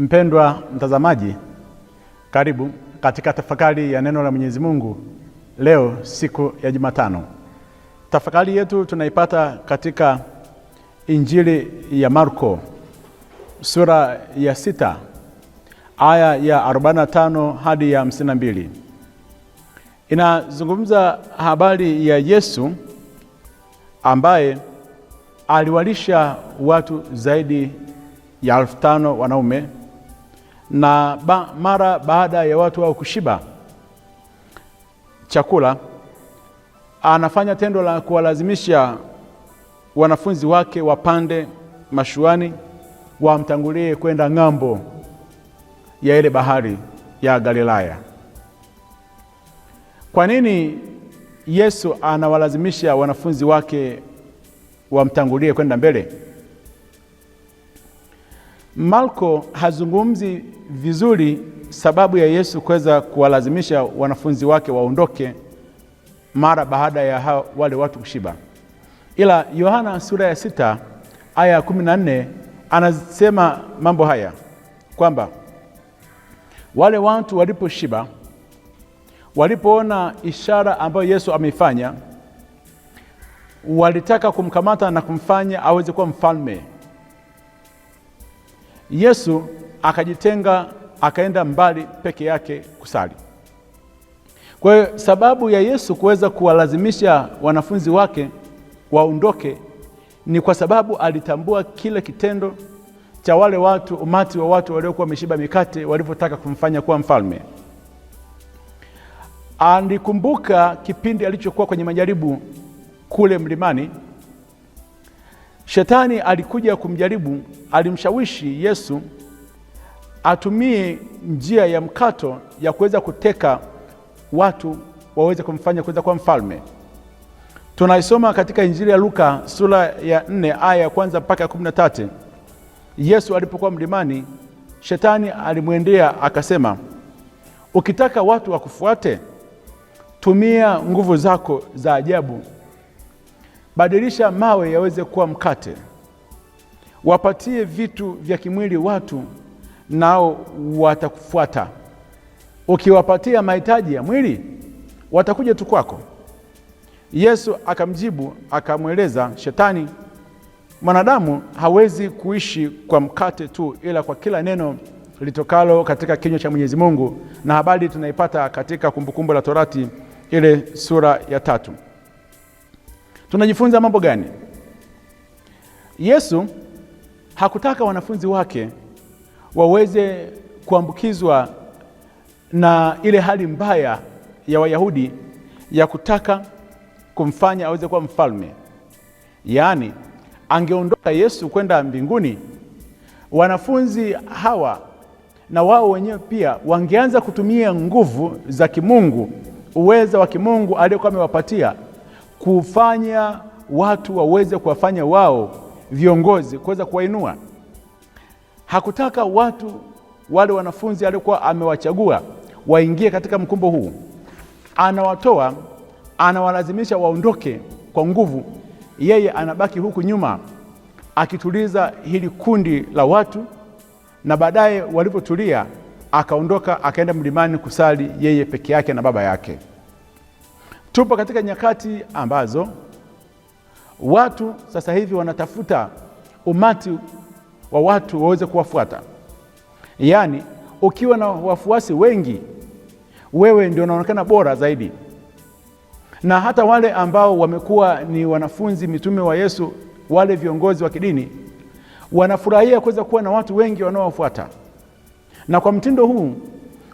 Mpendwa mtazamaji, karibu katika tafakari ya neno la Mwenyezi Mungu leo siku ya Jumatano. Tafakari yetu tunaipata katika Injili ya Marko sura ya sita aya ya 45 hadi ya 52. Inazungumza habari ya Yesu ambaye aliwalisha watu zaidi ya elfu tano wanaume na ba, mara baada ya watu wao kushiba chakula, anafanya tendo la kuwalazimisha wanafunzi wake wapande mashuani wamtangulie kwenda ng'ambo ya ile bahari ya Galilaya. Kwa nini Yesu anawalazimisha wanafunzi wake wamtangulie kwenda mbele? Marko hazungumzi vizuri sababu ya Yesu kuweza kuwalazimisha wanafunzi wake waondoke mara baada ya hao wale watu kushiba, ila Yohana sura ya sita aya ya kumi na nne anasema mambo haya kwamba wale watu waliposhiba, walipoona ishara ambayo Yesu ameifanya, walitaka kumkamata na kumfanya aweze kuwa mfalme Yesu akajitenga akaenda mbali peke yake kusali. Kwa hiyo sababu ya Yesu kuweza kuwalazimisha wanafunzi wake waondoke ni kwa sababu alitambua kile kitendo cha wale watu, umati wa watu waliokuwa wameshiba mikate walivyotaka kumfanya kuwa mfalme. Alikumbuka kipindi alichokuwa kwenye majaribu kule mlimani Shetani alikuja kumjaribu, alimshawishi Yesu atumie njia ya mkato ya kuweza kuteka watu waweze kumfanya kuweza kuwa mfalme. Tunaisoma katika Injili ya Luka sura ya nne aya ya kwanza mpaka ya kumi na tatu. Yesu alipokuwa mlimani, shetani alimwendea akasema, ukitaka watu wakufuate, tumia nguvu zako za ajabu badilisha mawe yaweze kuwa mkate, wapatie vitu vya kimwili watu, nao watakufuata. Ukiwapatia mahitaji ya mwili, watakuja tu kwako. Yesu akamjibu akamweleza Shetani, mwanadamu hawezi kuishi kwa mkate tu, ila kwa kila neno litokalo katika kinywa cha Mwenyezi Mungu, na habari tunaipata katika Kumbukumbu la Torati ile sura ya tatu. Tunajifunza mambo gani? Yesu hakutaka wanafunzi wake waweze kuambukizwa na ile hali mbaya ya Wayahudi ya kutaka kumfanya aweze kuwa mfalme. Yaani, angeondoka Yesu kwenda mbinguni, wanafunzi hawa na wao wenyewe pia wangeanza kutumia nguvu za kimungu, uweza wa kimungu aliyokuwa amewapatia kufanya watu waweze kuwafanya wao viongozi, kuweza kuwainua. Hakutaka watu wale wanafunzi aliokuwa amewachagua waingie katika mkumbo huu, anawatoa, anawalazimisha waondoke kwa nguvu, yeye anabaki huku nyuma akituliza hili kundi la watu, na baadaye walipotulia, akaondoka akaenda mlimani kusali yeye peke yake na baba yake. Tupo katika nyakati ambazo watu sasa hivi wanatafuta umati wa watu waweze kuwafuata, yaani ukiwa na wafuasi wengi wewe ndio unaonekana bora zaidi. Na hata wale ambao wamekuwa ni wanafunzi mitume wa Yesu, wale viongozi wa kidini wanafurahia kuweza kuwa na watu wengi wanaowafuata, na kwa mtindo huu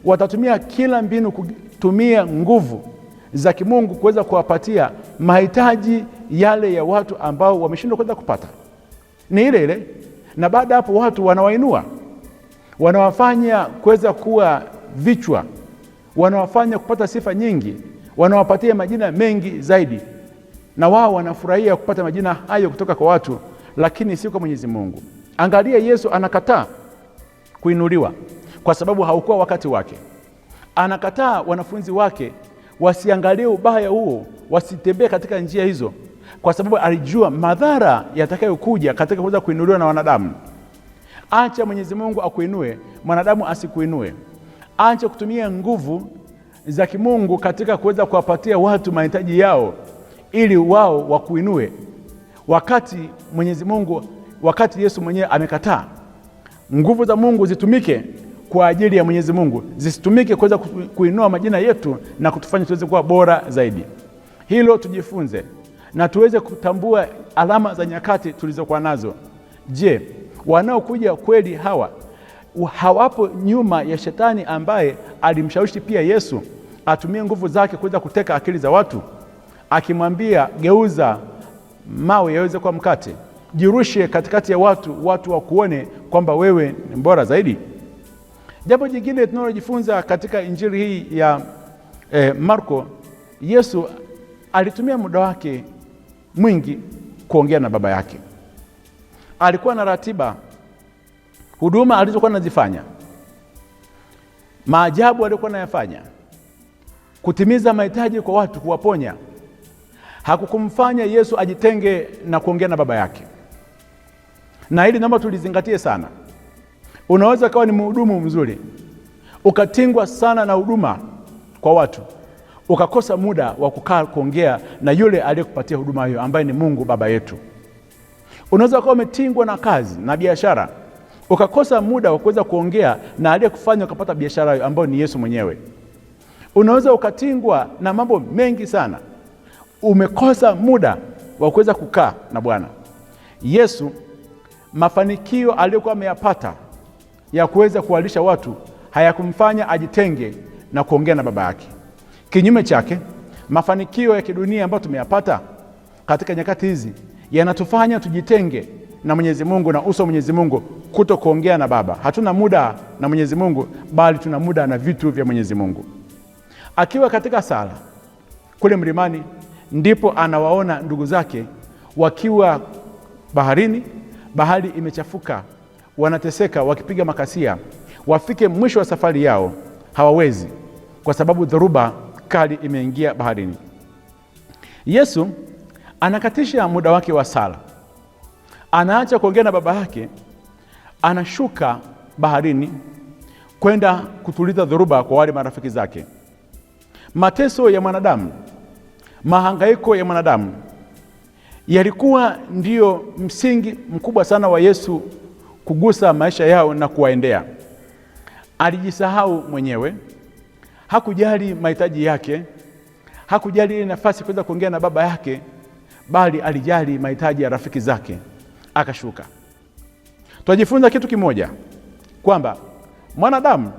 watatumia kila mbinu kutumia nguvu za kimungu kuweza kuwapatia mahitaji yale ya watu ambao wameshindwa kuweza kupata, ni ile ile. Na baada ya hapo watu wanawainua, wanawafanya kuweza kuwa vichwa, wanawafanya kupata sifa nyingi, wanawapatia majina mengi zaidi, na wao wanafurahia kupata majina hayo kutoka kwa watu, lakini si kwa Mwenyezi Mungu. Angalia, Yesu anakataa kuinuliwa kwa sababu haukuwa wakati wake. Anakataa wanafunzi wake wasiangalie ubaya huo, wasitembee katika njia hizo, kwa sababu alijua madhara yatakayokuja katika kuweza kuinuliwa na wanadamu. Acha Mwenyezi Mungu akuinue, mwanadamu asikuinue. Acha kutumia nguvu za kimungu katika kuweza kuwapatia watu mahitaji yao ili wao wakuinue, wakati Mwenyezi Mungu, wakati Yesu mwenyewe amekataa. Nguvu za Mungu zitumike kwa ajili ya Mwenyezi Mungu zisitumike kuweza kuinua majina yetu na kutufanya tuweze kuwa bora zaidi. Hilo tujifunze na tuweze kutambua alama za nyakati tulizokuwa nazo. Je, wanaokuja kweli hawa hawapo nyuma ya shetani ambaye alimshawishi pia Yesu atumie nguvu zake kuweza kuteka akili za watu, akimwambia geuza mawe yaweze kuwa mkate, jirushe katikati ya watu, watu wakuone kwamba wewe ni bora zaidi. Jambo jingine tunalojifunza katika injili hii ya eh, Marko, Yesu alitumia muda wake mwingi kuongea na baba yake. Alikuwa na ratiba, huduma alizokuwa anazifanya, maajabu aliyokuwa anayafanya, kutimiza mahitaji kwa watu, kuwaponya. Hakukumfanya Yesu ajitenge na kuongea na baba yake, na hili naomba tulizingatie sana. Unaweza ukawa ni mhudumu mzuri, ukatingwa sana na huduma kwa watu, ukakosa muda wa kukaa kuongea na yule aliyekupatia huduma hiyo ambaye ni Mungu Baba yetu. Unaweza ukawa umetingwa na kazi na biashara, ukakosa muda wa kuweza kuongea na aliyekufanya ukapata biashara hiyo ambayo ni Yesu mwenyewe. Unaweza ukatingwa na mambo mengi sana, umekosa muda wa kuweza kukaa na Bwana Yesu. Mafanikio aliyokuwa ameyapata ya kuweza kuwalisha watu hayakumfanya ajitenge na kuongea na baba yake. Kinyume chake, mafanikio ya kidunia ambayo tumeyapata katika nyakati hizi yanatufanya tujitenge na Mwenyezi Mungu na uso wa Mwenyezi Mungu, kuto kuongea na Baba. Hatuna muda na Mwenyezi Mungu, bali tuna muda na vitu vya Mwenyezi Mungu. Akiwa katika sala kule mlimani, ndipo anawaona ndugu zake wakiwa baharini, bahari imechafuka wanateseka wakipiga makasia, wafike mwisho wa safari yao, hawawezi kwa sababu dhoruba kali imeingia baharini. Yesu anakatisha muda wake wa sala, anaacha kuongea na baba yake, anashuka baharini kwenda kutuliza dhoruba kwa wale marafiki zake. Mateso ya mwanadamu, mahangaiko ya mwanadamu yalikuwa ndiyo msingi mkubwa sana wa Yesu kugusa maisha yao na kuwaendea. Alijisahau mwenyewe, hakujali mahitaji yake, hakujali ile nafasi kuweza kuongea na baba yake, bali alijali mahitaji ya rafiki zake, akashuka. Twajifunza kitu kimoja kwamba mwanadamu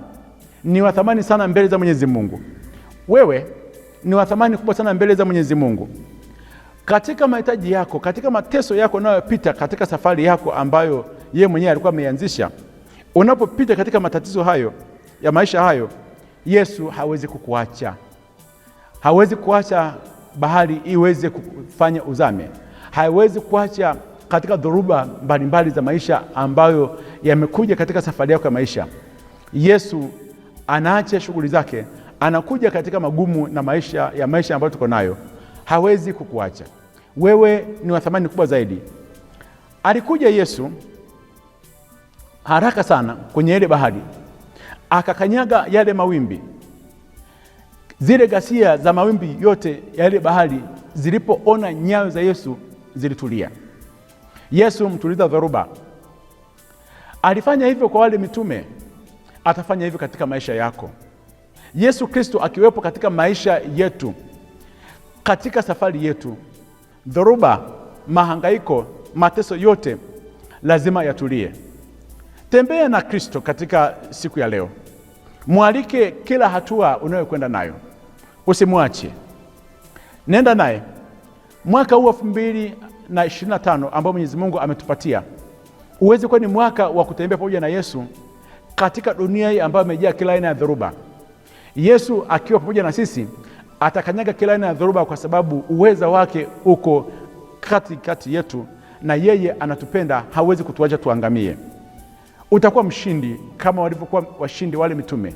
ni wa thamani sana mbele za Mwenyezi Mungu. Wewe ni wa thamani kubwa sana mbele za Mwenyezi Mungu katika mahitaji yako, katika mateso yako unayopita, katika safari yako ambayo yeye mwenyewe alikuwa ameianzisha. Unapopita katika matatizo hayo ya maisha hayo, Yesu hawezi kukuacha, hawezi kuacha bahari iweze kufanya uzame, hawezi kuacha katika dhoruba mbalimbali za maisha ambayo yamekuja katika safari yako ya maisha. Yesu anaacha shughuli zake, anakuja katika magumu na maisha ya maisha ambayo tuko nayo. Hawezi kukuacha wewe, ni wa thamani kubwa zaidi. Alikuja Yesu haraka sana kwenye ile bahari, akakanyaga yale mawimbi. Zile ghasia za mawimbi yote ya ile bahari zilipoona nyayo za Yesu zilitulia. Yesu mtuliza dhoruba. Alifanya hivyo kwa wale mitume, atafanya hivyo katika maisha yako. Yesu Kristo akiwepo katika maisha yetu, katika safari yetu, dhoruba, mahangaiko, mateso yote lazima yatulie. Tembea na Kristo katika siku ya leo, mwalike kila hatua unayokwenda nayo, usimwache. Nenda naye. Mwaka huu elfu mbili na ishirini na tano ambao Mwenyezi Mungu ametupatia uweze kuwa ni mwaka wa kutembea pamoja na Yesu katika dunia hii ambayo imejaa kila aina ya dhoruba. Yesu akiwa pamoja na sisi atakanyaga kila aina ya dhoruba, kwa sababu uweza wake uko katikati yetu, na yeye anatupenda, hawezi kutuacha tuangamie utakuwa mshindi kama walivyokuwa washindi wale mitume,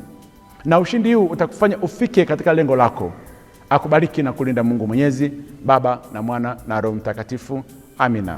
na ushindi huu utakufanya ufike katika lengo lako. Akubariki na kulinda Mungu Mwenyezi, Baba na Mwana na Roho Mtakatifu. Amina.